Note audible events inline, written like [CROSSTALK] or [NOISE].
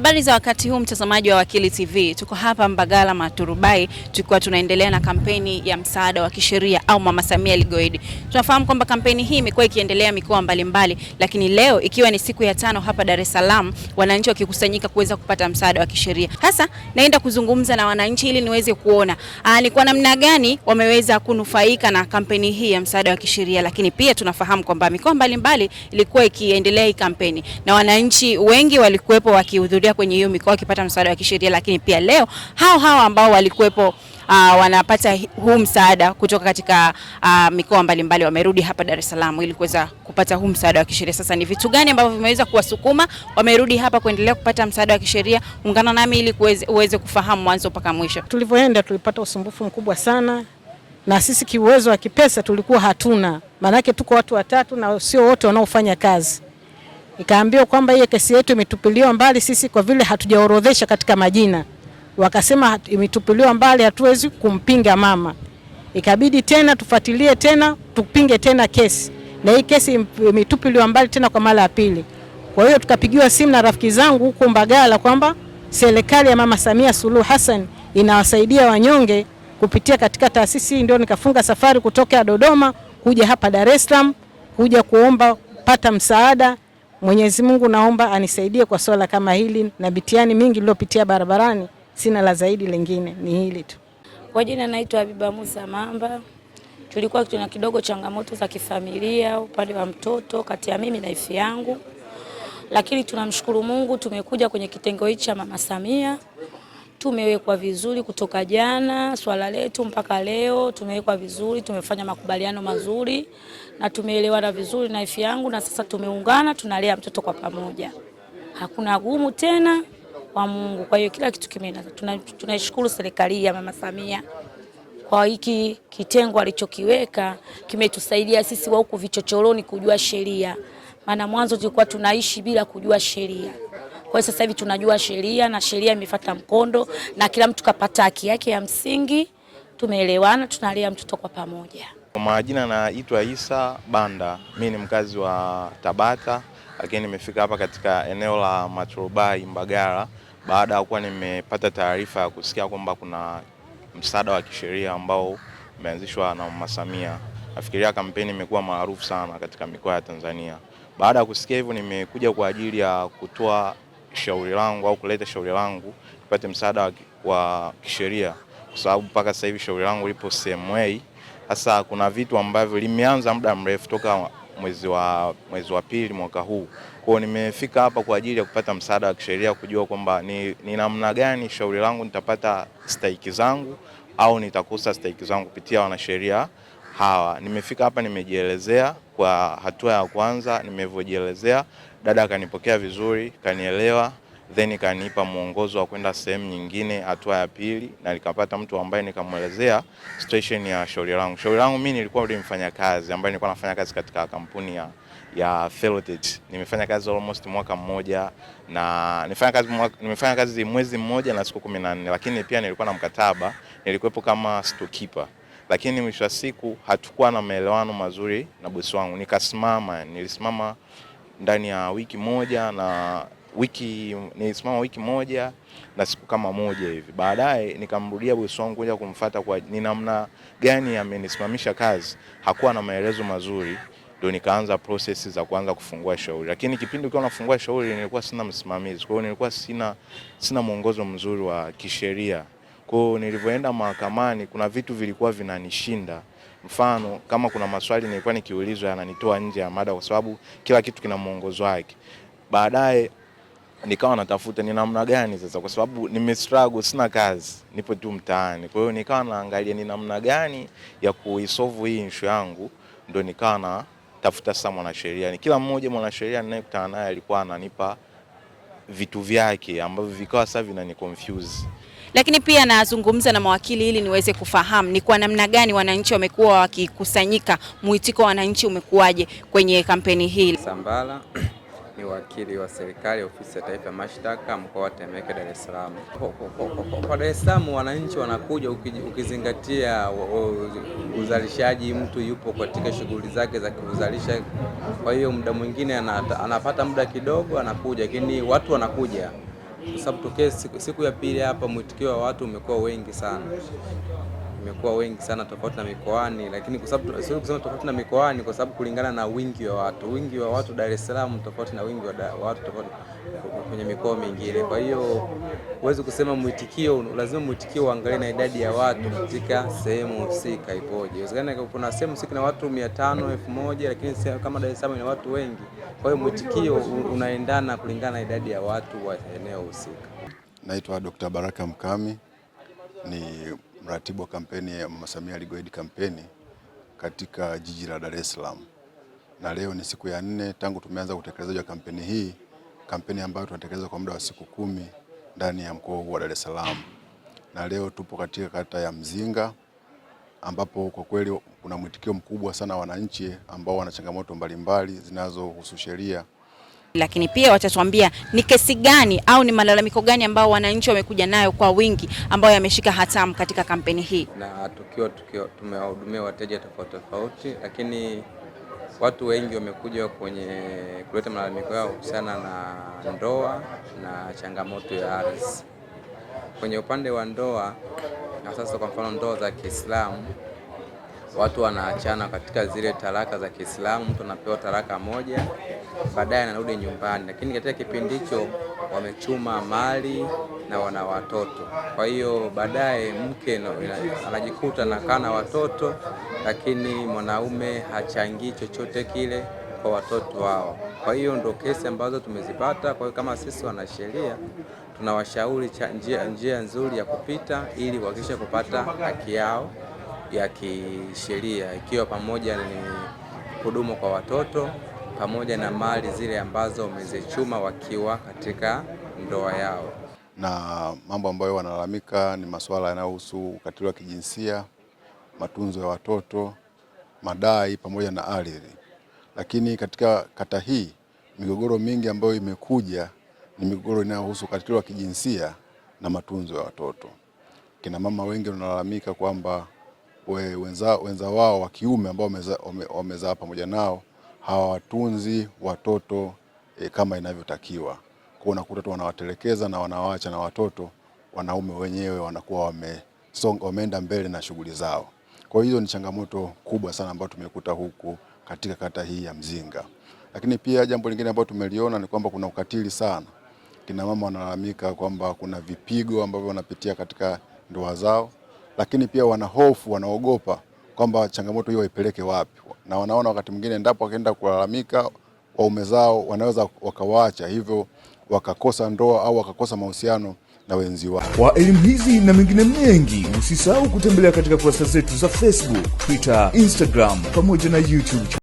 Habari za wakati huu mtazamaji wa Wakili TV, tuko hapa Mbagala Maturubai tukiwa tunaendelea na kampeni ya msaada wa kisheria au Mama Samia Ligoid. Tunafahamu kwamba kampeni hii imekuwa ikiendelea mikoa mbalimbali, lakini leo ikiwa ni siku ya tano hapa Dar es Salaam, wananchi wakikusanyika kuweza kupata msaada wa kisheria. Hasa naenda kuzungumza na wananchi ili niweze kuona aa, ah, ni kwa namna gani wameweza kunufaika na kampeni hii ya msaada wa kisheria, lakini pia tunafahamu kwamba mikoa mbalimbali ilikuwa ikiendelea hii kampeni na wananchi wengi walikuwepo wakihudhuria kuingia kwenye hiyo mikoa wakipata msaada wa kisheria, lakini pia leo hao hao ambao walikuwepo Uh, wanapata huu msaada kutoka katika uh, mikoa mbalimbali wamerudi hapa Dar es Salaam ili kuweza kupata huu msaada wa kisheria. Sasa ni vitu gani ambavyo vimeweza kuwasukuma wamerudi hapa kuendelea kupata msaada wa kisheria? Ungana nami ili uweze kufahamu mwanzo mpaka mwisho. Tulivyoenda tulipata usumbufu mkubwa sana, na sisi kiuwezo wa kipesa tulikuwa hatuna, maanake tuko watu watatu na sio wote wanaofanya kazi ikaambiwa kwamba hiyo kesi yetu imetupiliwa mbali sisi kwa vile hatujaorodhesha katika majina. Wakasema imetupiliwa mbali, hatuwezi kumpinga mama. Ikabidi tena tufuatilie tena tupinge tena kesi, na hii kesi imetupiliwa mbali tena kwa mara ya pili. Kwa hiyo tukapigiwa simu na rafiki zangu huko Mbagala kwamba serikali ya Mama Samia Suluhu Hassan inawasaidia wanyonge kupitia katika taasisi. Ndio nikafunga safari kutoka Dodoma kuja hapa Dar es Salaam kuja kuomba pata msaada Mwenyezi Mungu naomba anisaidie kwa swala kama hili, na bitiani mingi nilopitia barabarani, sina la zaidi lingine, ni hili tu. Kwa jina naitwa Habiba Musa Mamba. Tulikuwa tuna kidogo changamoto za kifamilia upande wa mtoto kati ya mimi na ifi yangu, lakini tunamshukuru Mungu tumekuja kwenye kitengo hichi cha Mama Samia tumewekwa vizuri kutoka jana swala letu mpaka leo, tumewekwa vizuri, tumefanya makubaliano mazuri na tumeelewana vizuri na ifi yangu, na sasa tumeungana, tunalea mtoto kwa pamoja, hakuna gumu tena kwa Mungu. Kwa hiyo kila kitu kimeenda. Tunaishukuru tuna serikali ya Mama Samia kwa hiki kitengo alichokiweka, kimetusaidia sisi wa huku vichochoroni kujua sheria, maana mwanzo tulikuwa tunaishi bila kujua sheria. Kwa hiyo sasa hivi tunajua sheria na sheria imefuata mkondo na kila mtu kapata haki yake ya msingi. Tumeelewana, tunalea mtoto kwa pamoja. Kwa majina naitwa Isa Banda, mi ni mkazi wa Tabata, lakini nimefika hapa katika eneo la Maturubai Mbagala baada ya kuwa nimepata taarifa ya kusikia kwamba kuna msaada wa kisheria ambao umeanzishwa na Mama Samia. Nafikiria kampeni imekuwa maarufu sana katika mikoa ya Tanzania. Baada ya kusikia hivyo, nimekuja kwa ajili ya kutoa shauri langu au kuleta shauri langu nipate msaada wa kisheria, kwa sababu mpaka sasa hivi shauri langu lipo same hasa. Kuna vitu ambavyo limeanza muda mrefu toka mwezi wa, mwezi wa pili mwaka huu. Kwa nimefika hapa kwa ajili ya kupata msaada wa kisheria kujua kwamba ni, ni namna gani shauri langu nitapata stahiki zangu au nitakosa stahiki zangu kupitia wanasheria hawa. Nimefika hapa nimejielezea kwa hatua ya kwanza, nimevyojielezea dada akanipokea vizuri, kanielewa then kanipa mwongozo wa kwenda sehemu nyingine, hatua ya pili, na nikapata mtu ambaye nikamwelezea station ya shauri langu. Shauri langu mimi nilikuwa ndio mfanya kazi ambaye nilikuwa nafanya kazi katika kampuni ya ya Felotech. Nimefanya kazi almost mwaka mmoja na nimefanya kazi mwaka, nimefanya kazi mwezi mmoja na siku 14 lakini pia nilikuwa na mkataba, nilikuwepo kama storekeeper lakini mwisho wa siku hatukuwa na maelewano mazuri na bosi wangu. Nikasimama, nilisimama ndani ya wiki moja na wiki nilisimama wiki moja na siku kama moja hivi. Baadaye nikamrudia bosi wangu kuja kumfuata kwa ni namna gani amenisimamisha kazi, hakuwa na maelezo mazuri, ndio nikaanza process za kuanza kufungua shauri. Lakini kipindi ukiwa nafungua shauri nilikuwa sina msimamizi, kwa hiyo nilikuwa sina, sina mwongozo mzuri wa kisheria. Kwao nilivyoenda mahakamani, kuna vitu vilikuwa vinanishinda. Mfano, kama kuna maswali nilikuwa nikiulizwa yananitoa nje ya mada, kwa sababu kila kitu kina mwongozo wake. Baadaye nikawa natafuta ni namna gani sasa, kwa sababu nime struggle, sina kazi, nipo tu mtaani. Kwa hiyo nikawa naangalia ni namna gani ya kuisolve hii issue yangu, ndio nikawa na tafuta sasa mwanasheria. Ni kila mmoja mwanasheria ninayekutana naye alikuwa ananipa vitu vyake ambavyo vikawa sasa vinani confuse lakini pia nazungumza na mawakili ili niweze kufahamu ni kwa namna gani wananchi wamekuwa wakikusanyika, mwitiko wa wananchi umekuwaje kwenye kampeni hii. Sambala [CLEARS THROAT] ni wakili wa serikali ofisi ya taifa ya mashtaka mkoa wa Temeke, Dar es Salaam. Kwa Dar es Salaam wananchi wanakuja, ukizingatia uzalishaji, mtu yupo katika shughuli zake za kuzalisha, kwa hiyo muda mwingine anapata muda kidogo, anakuja, lakini watu wanakuja kwa sababu tokee siku, siku ya pili hapa mwitikio wa watu umekuwa wengi sana imekuwa wengi sana tofauti na mikoani, lakini kwa sababu siwezi kusema tofauti na mikoani kwa sababu kulingana na wingi wa watu, wingi wa watu Dar es Salaam tofauti na wingi wa watu tofauti kwenye mikoa mingine. Kwa hiyo huwezi kusema mwitikio, lazima mwitikio uangalie na idadi ya watu katika sehemu husika ipoje. Inawezekana kuna sehemu husika na watu 500, 1000, lakini kama Dar es Salaam ina watu wengi, kwa hiyo mwitikio unaendana kulingana na idadi ya watu wa eneo husika. Naitwa Dr. Baraka Mkami ni mratibu wa kampeni ya Mama Samia Legal Aid kampeni katika jiji la Dar es Salaam, na leo ni siku ya nne tangu tumeanza kutekelezaji wa kampeni hii, kampeni ambayo tunatekeleza kwa muda wa siku kumi ndani ya mkoa huu wa Dar es Salaam, na leo tupo katika kata ya Mzinga ambapo kwa kweli kuna mwitikio mkubwa sana wananchi ambao wana changamoto mbalimbali zinazohusu sheria lakini pia watatuambia ni kesi gani au ni malalamiko gani ambao wananchi wamekuja nayo kwa wingi ambayo yameshika hatamu katika kampeni hii. Na tukiwa tukiwa tumewahudumia wateja tofauti tofauti, lakini watu wengi wamekuja kwenye kuleta malalamiko yao kuhusiana na ndoa na changamoto ya ardhi. Kwenye upande wa ndoa, na sasa kwa mfano ndoa za Kiislamu watu wanaachana katika zile talaka za Kiislamu, mtu anapewa talaka moja, baadaye anarudi nyumbani, lakini katika kipindi hicho wamechuma mali na wana watoto. Kwa hiyo baadaye mke anajikuta nakaa na watoto, lakini mwanaume hachangii chochote kile kwa watoto wao. Kwa hiyo ndo kesi ambazo tumezipata. Kwa hiyo kama sisi wanasheria tunawashauri njia, njia nzuri ya kupita ili kuhakikisha kupata haki yao ya kisheria ikiwa pamoja ni kudumu kwa watoto pamoja na mali zile ambazo wamezichuma wakiwa katika ndoa yao. Na mambo ambayo wanalalamika ni masuala yanayohusu ukatili wa kijinsia, matunzo ya watoto, madai pamoja na ardhi. Lakini katika kata hii migogoro mingi ambayo imekuja ni migogoro inayohusu ukatili wa kijinsia na matunzo ya watoto. Kina mama wengi wanalalamika kwamba we, wenza, wenza wao wa kiume ambao wamezaa pamoja nao hawatunzi watoto e, kama inavyotakiwa. Kwa unakuta tu wanawatelekeza na wanawaacha na watoto wanaume wenyewe wanakuwa wamesonga, wameenda mbele na shughuli zao. Kwa hiyo ni changamoto kubwa sana ambayo tumekuta huku katika kata hii ya Mzinga. Lakini pia jambo lingine ambalo tumeliona ni kwamba kuna ukatili sana. Kina mama wanalalamika kwamba kuna vipigo ambavyo wanapitia katika ndoa zao lakini pia wanahofu, wanaogopa kwamba changamoto hiyo waipeleke wapi, na wanaona wakati mwingine endapo wakienda kulalamika waume zao wanaweza wakawaacha, hivyo wakakosa ndoa au wakakosa mahusiano na wenzi wao. Kwa elimu hizi na mengine mengi, usisahau kutembelea katika kurasa zetu za Facebook, Twitter, Instagram pamoja na YouTube.